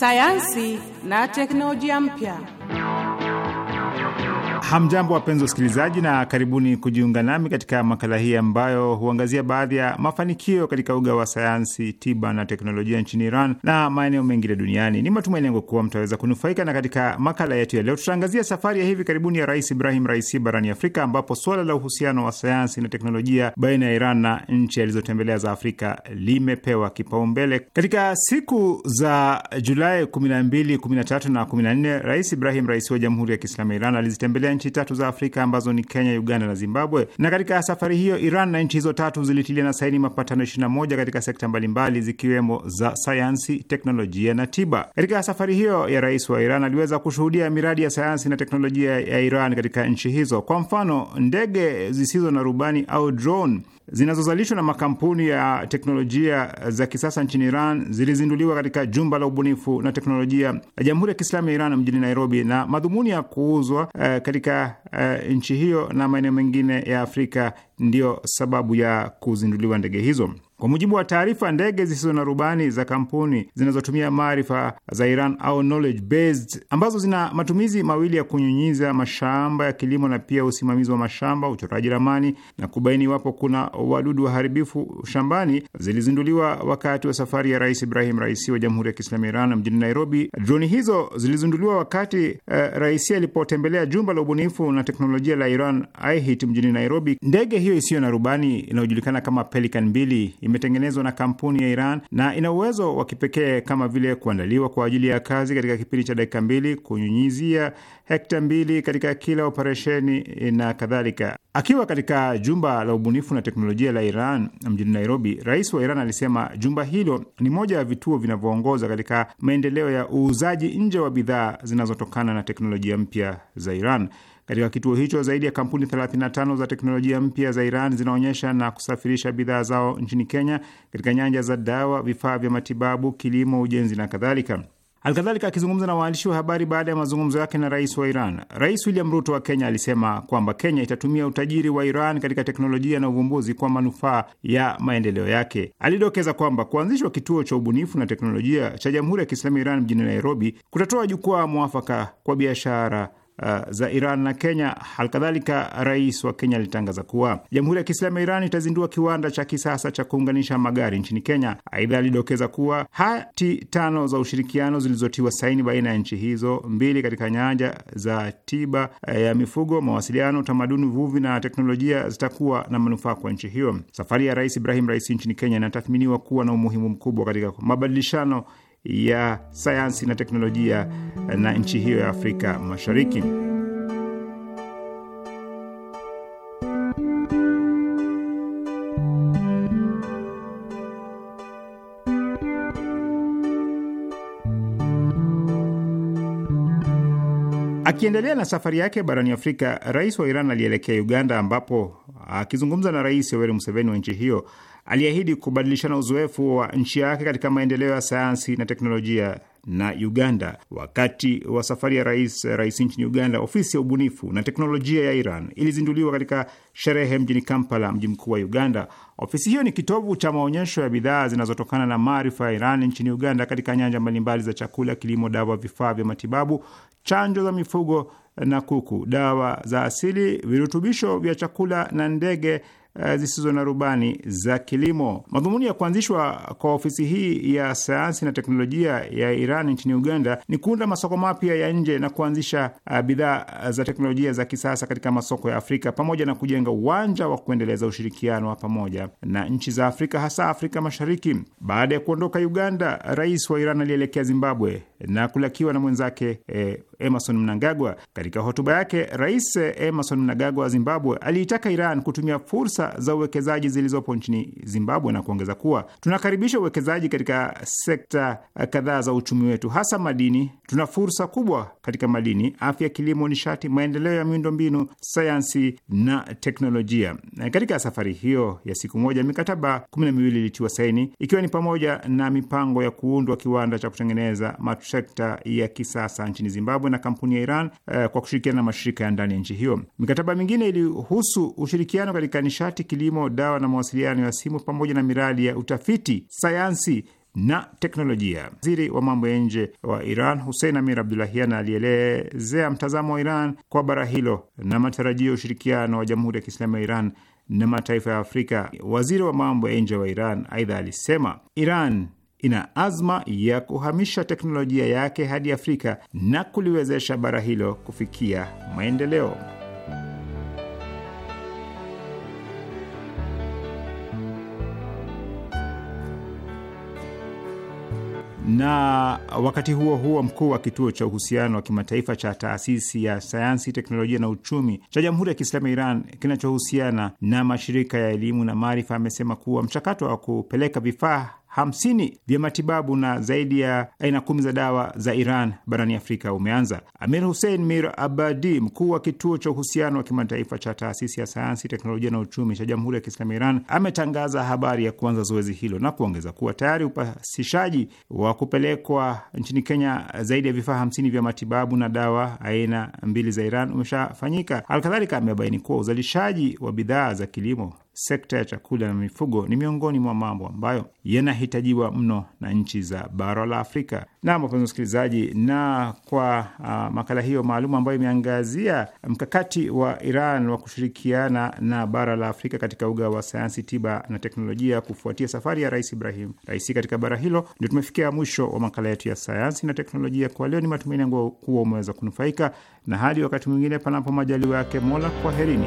sayansi na teknolojia mpya. Hamjambo, wapenzi wasikilizaji, na karibuni kujiunga nami katika makala hii ambayo huangazia baadhi ya mafanikio katika uga wa sayansi, tiba na teknolojia nchini Iran na maeneo mengine duniani. Ni matumaini yangu kuwa mtaweza kunufaika, na katika makala yetu ya leo tutaangazia safari ya hivi karibuni ya Rais Ibrahim Raisi barani Afrika, ambapo suala la uhusiano wa sayansi na teknolojia baina ya Iran na nchi alizotembelea za Afrika limepewa kipaumbele. Katika siku za Julai 12, 13 na 14, Rais Ibrahim Raisi wa Jamhuri ya Kiislamu ya Iran alizitembelea nchi tatu za Afrika ambazo ni Kenya, Uganda na Zimbabwe. Na katika safari hiyo, Iran na nchi hizo tatu zilitilia na saini mapatano 21 katika sekta mbalimbali zikiwemo za sayansi, teknolojia na tiba. Katika safari hiyo ya rais wa Iran aliweza kushuhudia miradi ya sayansi na teknolojia ya Iran katika nchi hizo. Kwa mfano, ndege zisizo na rubani au drone zinazozalishwa na makampuni ya teknolojia za kisasa nchini Iran zilizinduliwa katika jumba la ubunifu na teknolojia ya Jamhuri ya Kiislamu ya Iran mjini Nairobi, na madhumuni ya kuuzwa uh, katika uh, nchi hiyo na maeneo mengine ya Afrika ndiyo sababu ya kuzinduliwa ndege hizo. Kwa mujibu wa taarifa, ndege zisizo na rubani za kampuni zinazotumia maarifa za Iran au knowledge based, ambazo zina matumizi mawili ya kunyunyiza mashamba ya kilimo na pia usimamizi wa mashamba, uchoraji ramani na kubaini iwapo kuna wadudu waharibifu shambani, zilizinduliwa wakati wa safari ya Rais Ibrahim Raisi wa Jamhuri ya Kiislamu ya Iran mjini Nairobi. Droni hizo zilizinduliwa wakati uh, Raisi alipotembelea jumba la ubunifu na teknolojia la Iran IHIT mjini Nairobi. Ndege hiyo isiyo na rubani inayojulikana kama Pelican mbili imetengenezwa na kampuni ya Iran na ina uwezo wa kipekee kama vile kuandaliwa kwa ajili ya kazi katika kipindi cha dakika mbili, kunyunyizia hekta mbili katika kila operesheni na kadhalika. Akiwa katika jumba la ubunifu na teknolojia la Iran mjini Nairobi, rais wa Iran alisema jumba hilo ni moja ya vituo vinavyoongoza katika maendeleo ya uuzaji nje wa bidhaa zinazotokana na teknolojia mpya za Iran. Katika kituo hicho zaidi ya kampuni 35 za teknolojia mpya za Iran zinaonyesha na kusafirisha bidhaa zao nchini Kenya katika nyanja za dawa, vifaa vya matibabu, kilimo, ujenzi na kadhalika. Halikadhalika, akizungumza na waandishi wa habari baada ya mazungumzo yake na rais wa Iran, Rais William Ruto wa Kenya alisema kwamba Kenya itatumia utajiri wa Iran katika teknolojia na uvumbuzi kwa manufaa ya maendeleo yake. Alidokeza kwamba kuanzishwa kituo cha ubunifu na teknolojia cha Jamhuri ya Kiislamu Iran mjini Nairobi kutatoa jukwaa mwafaka kwa biashara uh, za Iran na Kenya. Halikadhalika, rais wa Kenya alitangaza kuwa Jamhuri ya Kiislamu ya Iran itazindua kiwanda cha kisasa cha kuunganisha magari nchini Kenya. Aidha, alidokeza kuwa hati tano za ushirikiano zilizotiwa saini baina ya nchi hizo mbili katika nyanja za tiba uh, ya mifugo, mawasiliano, utamaduni, uvuvi na teknolojia zitakuwa na manufaa kwa nchi hiyo. Safari ya Rais Ibrahim Raisi nchini Kenya inatathminiwa kuwa na umuhimu mkubwa katika mabadilishano ya sayansi na teknolojia na nchi hiyo ya Afrika Mashariki. Akiendelea na safari yake barani Afrika, rais wa Iran alielekea Uganda, ambapo akizungumza na Rais Yoweri Museveni wa nchi hiyo aliahidi kubadilishana uzoefu wa nchi yake katika maendeleo ya sayansi na teknolojia na Uganda. Wakati wa safari ya rais rais nchini Uganda, ofisi ya ubunifu na teknolojia ya Iran ilizinduliwa katika sherehe mjini Kampala, mji mkuu wa Uganda. Ofisi hiyo ni kitovu cha maonyesho ya bidhaa zinazotokana na maarifa ya Iran nchini Uganda, katika nyanja mbalimbali za chakula, kilimo, dawa, vifaa vya matibabu, chanjo za mifugo na kuku, dawa za asili, virutubisho vya chakula na ndege Eh, zisizo na rubani za kilimo. Madhumuni ya kuanzishwa kwa ofisi hii ya sayansi na teknolojia ya Iran nchini Uganda ni kuunda masoko mapya ya nje na kuanzisha eh, bidhaa za teknolojia za kisasa katika masoko ya Afrika pamoja na kujenga uwanja wa kuendeleza ushirikiano wa pamoja na nchi za Afrika hasa Afrika Mashariki. Baada ya kuondoka Uganda, rais wa Iran alielekea Zimbabwe na kulakiwa na mwenzake eh, Emerson Mnangagwa. Katika hotuba yake, Rais Emerson Mnangagwa wa Zimbabwe aliitaka Iran kutumia fursa za uwekezaji zilizopo nchini Zimbabwe na kuongeza kuwa tunakaribisha uwekezaji katika sekta kadhaa za uchumi wetu, hasa madini. Tuna fursa kubwa katika madini, afya, kilimo, nishati, maendeleo ya miundombinu, sayansi na teknolojia. Na katika safari hiyo ya siku moja, mikataba kumi na miwili ilitiwa saini, ikiwa ni pamoja na mipango ya kuundwa kiwanda cha kutengeneza matu sekta ya kisasa nchini Zimbabwe na kampuni ya Iran uh, kwa kushirikiana na mashirika ya ndani ya nchi hiyo. Mikataba mingine ilihusu ushirikiano katika nishati, kilimo, dawa na mawasiliano ya simu pamoja na miradi ya utafiti, sayansi na teknolojia. Waziri wa mambo ya nje wa Iran Hussein Amir Abdulahian alielezea mtazamo wa Iran kwa bara hilo na matarajio ya ushirikiano wa Jamhuri ya Kiislamu ya Iran na mataifa ya Afrika. Waziri wa mambo ya nje wa Iran aidha alisema Iran ina azma ya kuhamisha teknolojia yake hadi Afrika na kuliwezesha bara hilo kufikia maendeleo. na wakati huo huo mkuu wa kituo cha uhusiano wa kimataifa cha taasisi ya sayansi, teknolojia na uchumi cha Jamhuri ya Kiislamu ya Iran kinachohusiana na mashirika ya elimu na maarifa amesema kuwa mchakato wa kupeleka vifaa hamsini vya matibabu na zaidi ya aina kumi za dawa za Iran barani Afrika umeanza. Amir Hussein Mir Abadi, mkuu wa kituo cha uhusiano wa kimataifa cha taasisi ya sayansi, teknolojia na uchumi cha Jamhuri ya Kiislamu ya Iran, ametangaza habari ya kuanza zoezi hilo na kuongeza kuwa tayari upasishaji wa kupelekwa nchini Kenya zaidi ya vifaa hamsini vya matibabu na dawa aina mbili za Iran umeshafanyika. Alkadhalika, amebaini kuwa uzalishaji wa bidhaa za kilimo sekta ya chakula na mifugo ni miongoni mwa mambo ambayo yanahitajiwa mno na nchi za bara la Afrika. Na wapenzi wasikilizaji, na kwa uh, makala hiyo maalum ambayo imeangazia mkakati wa Iran wa kushirikiana na bara la Afrika katika uga wa sayansi, tiba na teknolojia kufuatia safari ya Rais Ibrahim Raisi katika bara hilo, ndio tumefikia mwisho wa makala yetu ya sayansi na teknolojia kwa leo. Ni matumaini yangu kuwa umeweza kunufaika na hadi wakati mwingine, panapo majaliwa yake Mola, kwaherini.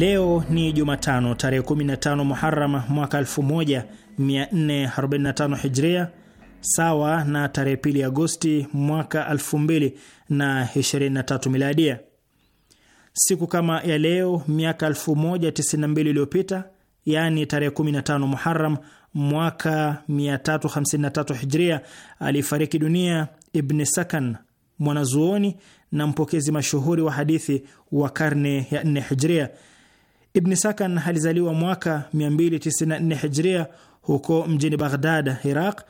Leo ni Jumatano tarehe 15 Muharram mwaka 1445 Hijria, sawa na tarehe pili Agosti mwaka 2023 Miladia. Siku kama ya leo miaka 1092 iliyopita, yaani tarehe 15 Muharram mwaka 353 Hijria, alifariki dunia Ibn Sakan, mwanazuoni na mpokezi mashuhuri wa hadithi wa karne ya 4 Hijria. Ibni Sakan alizaliwa mwaka 294 Hijria huko mjini Baghdad, Iraq,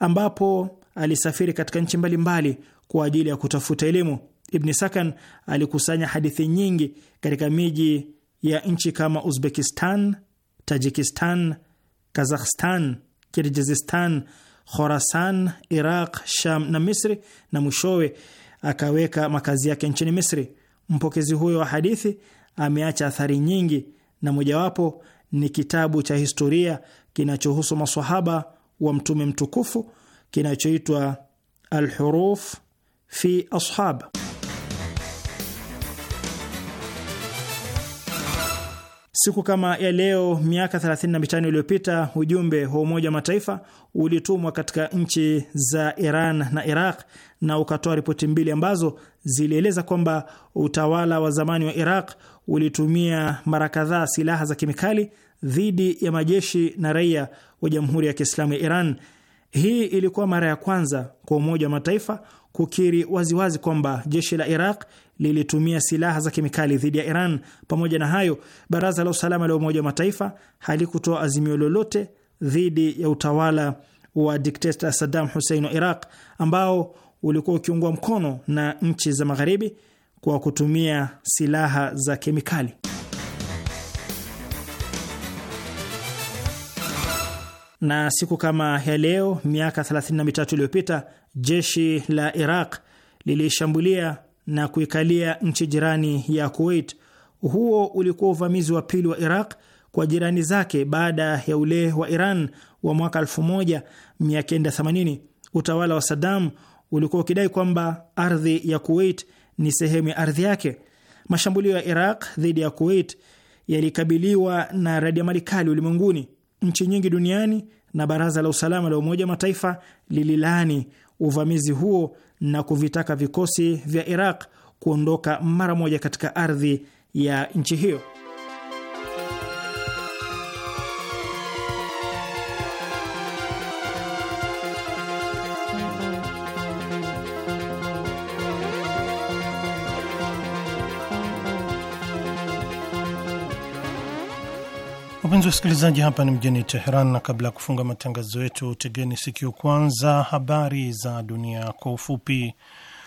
ambapo alisafiri katika nchi mbalimbali kwa ajili ya kutafuta elimu. Ibni Sakan alikusanya hadithi nyingi katika miji ya nchi kama Uzbekistan, Tajikistan, Kazakhstan, Kirgizistan, Khorasan, Iraq, Sham na Misri, na mwishowe akaweka makazi yake nchini Misri. Mpokezi huyo wa hadithi ameacha athari nyingi, na mojawapo ni kitabu cha historia kinachohusu maswahaba wa Mtume mtukufu kinachoitwa Alhuruf fi Ashab. Siku kama ya leo miaka 35 iliyopita ujumbe wa Umoja wa Mataifa ulitumwa katika nchi za Iran na Iraq na ukatoa ripoti mbili ambazo zilieleza kwamba utawala wa zamani wa Iraq ulitumia mara kadhaa silaha za kemikali dhidi ya majeshi na raia wa Jamhuri ya Kiislamu ya Iran. Hii ilikuwa mara ya kwanza kwa Umoja wa Mataifa kukiri waziwazi kwamba jeshi la Iraq lilitumia silaha za kemikali dhidi ya Iran. Pamoja na hayo, Baraza la Usalama la Umoja wa Mataifa halikutoa azimio lolote dhidi ya utawala wa dikteta Saddam Hussein wa Iraq ambao ulikuwa ukiungwa mkono na nchi za Magharibi kwa kutumia silaha za kemikali. Na siku kama ya leo miaka 33 iliyopita jeshi la Iraq lilishambulia na kuikalia nchi jirani ya Kuwait. Huo ulikuwa uvamizi wa pili wa Iraq kwa jirani zake baada ya ule wa Iran wa mwaka 1980. Utawala wa Saddam ulikuwa ukidai kwamba ardhi ya Kuwait ni sehemu ya ardhi yake. Mashambulio ya Iraq dhidi ya Kuwait yalikabiliwa na radiamali kali ulimwenguni. Nchi nyingi duniani na Baraza la Usalama la Umoja wa Mataifa lililaani uvamizi huo na kuvitaka vikosi vya Iraq kuondoka mara moja katika ardhi ya nchi hiyo. Wapenzi wasikilizaji, hapa ni mjini Teheran, na kabla ya kufunga matangazo yetu, tegeni sikio kwanza habari za dunia kwa ufupi.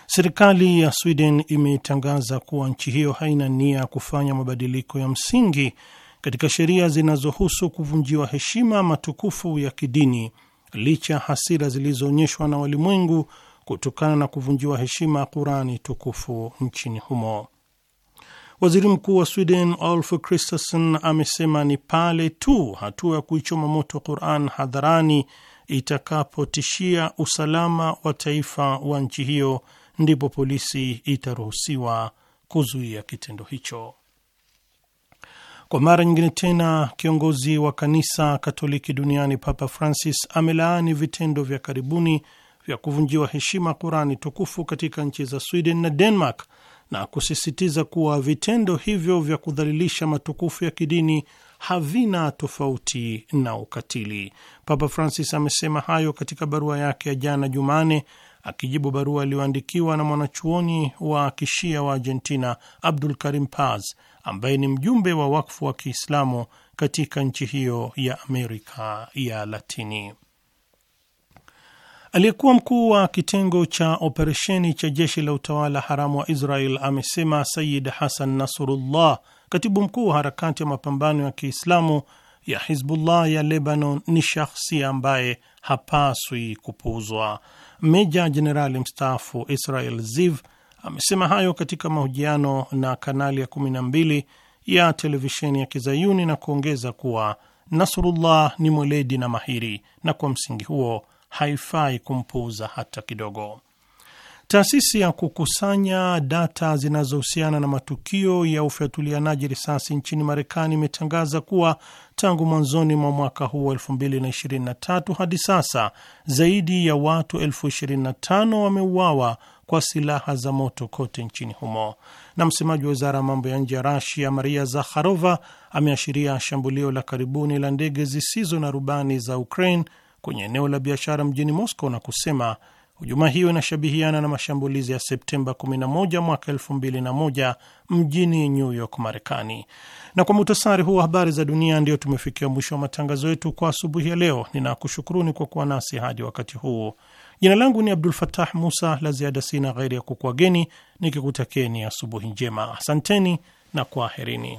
Serikali ya Sweden imetangaza kuwa nchi hiyo haina nia ya kufanya mabadiliko ya msingi katika sheria zinazohusu kuvunjiwa heshima matukufu ya kidini licha ya hasira zilizoonyeshwa na walimwengu kutokana na kuvunjiwa heshima Qurani tukufu nchini humo. Waziri mkuu wa Sweden Ulf Kristersson amesema ni pale tu hatua ya kuichoma moto Quran hadharani itakapotishia usalama wa taifa wa nchi hiyo ndipo polisi itaruhusiwa kuzuia kitendo hicho. Kwa mara nyingine tena, kiongozi wa kanisa Katoliki duniani Papa Francis amelaani vitendo vya karibuni vya kuvunjiwa heshima Qurani tukufu katika nchi za Sweden na Denmark na kusisitiza kuwa vitendo hivyo vya kudhalilisha matukufu ya kidini havina tofauti na ukatili. Papa Francis amesema hayo katika barua yake ya jana Jumane, akijibu barua aliyoandikiwa na mwanachuoni wa kishia wa Argentina Abdul Karim Paz, ambaye ni mjumbe wa wakfu wa Kiislamu katika nchi hiyo ya Amerika ya Latini. Aliyekuwa mkuu wa kitengo cha operesheni cha jeshi la utawala haramu wa Israel amesema Sayid Hasan Nasrullah, katibu mkuu wa harakati ya mapambano ya Kiislamu ya Hizbullah ya Lebanon, ni shakhsi ambaye hapaswi kupuuzwa. Meja jenerali mstaafu Israel Ziv amesema hayo katika mahojiano na kanali ya 12 ya televisheni ya Kizayuni na kuongeza kuwa Nasrullah ni mweledi na mahiri na kwa msingi huo haifai kumpuuza hata kidogo. Taasisi ya kukusanya data zinazohusiana na matukio ya ufyatulianaji risasi nchini Marekani imetangaza kuwa tangu mwanzoni mwa mwaka huu wa 2023 hadi sasa zaidi ya watu 25 wameuawa kwa silaha za moto kote nchini humo. Na msemaji wa wizara ya mambo ya nje ya Rasia, Maria Zakharova, ameashiria shambulio la karibuni la ndege zisizo na rubani za Ukraine kwenye eneo la biashara mjini Moscow na kusema hujuma hiyo inashabihiana na mashambulizi ya Septemba 11 mwaka 2001 mjini New York, Marekani. Na kwa mutasari huu wa habari za dunia, ndiyo tumefikia mwisho wa matangazo yetu kwa asubuhi ya leo. Ninakushukuruni kwa kuwa nasi hadi wakati huu. Jina langu ni Abdul Fatah Musa. La ziada sina ghairi ya kukwageni nikikutakieni asubuhi njema. Asanteni na kwaherini.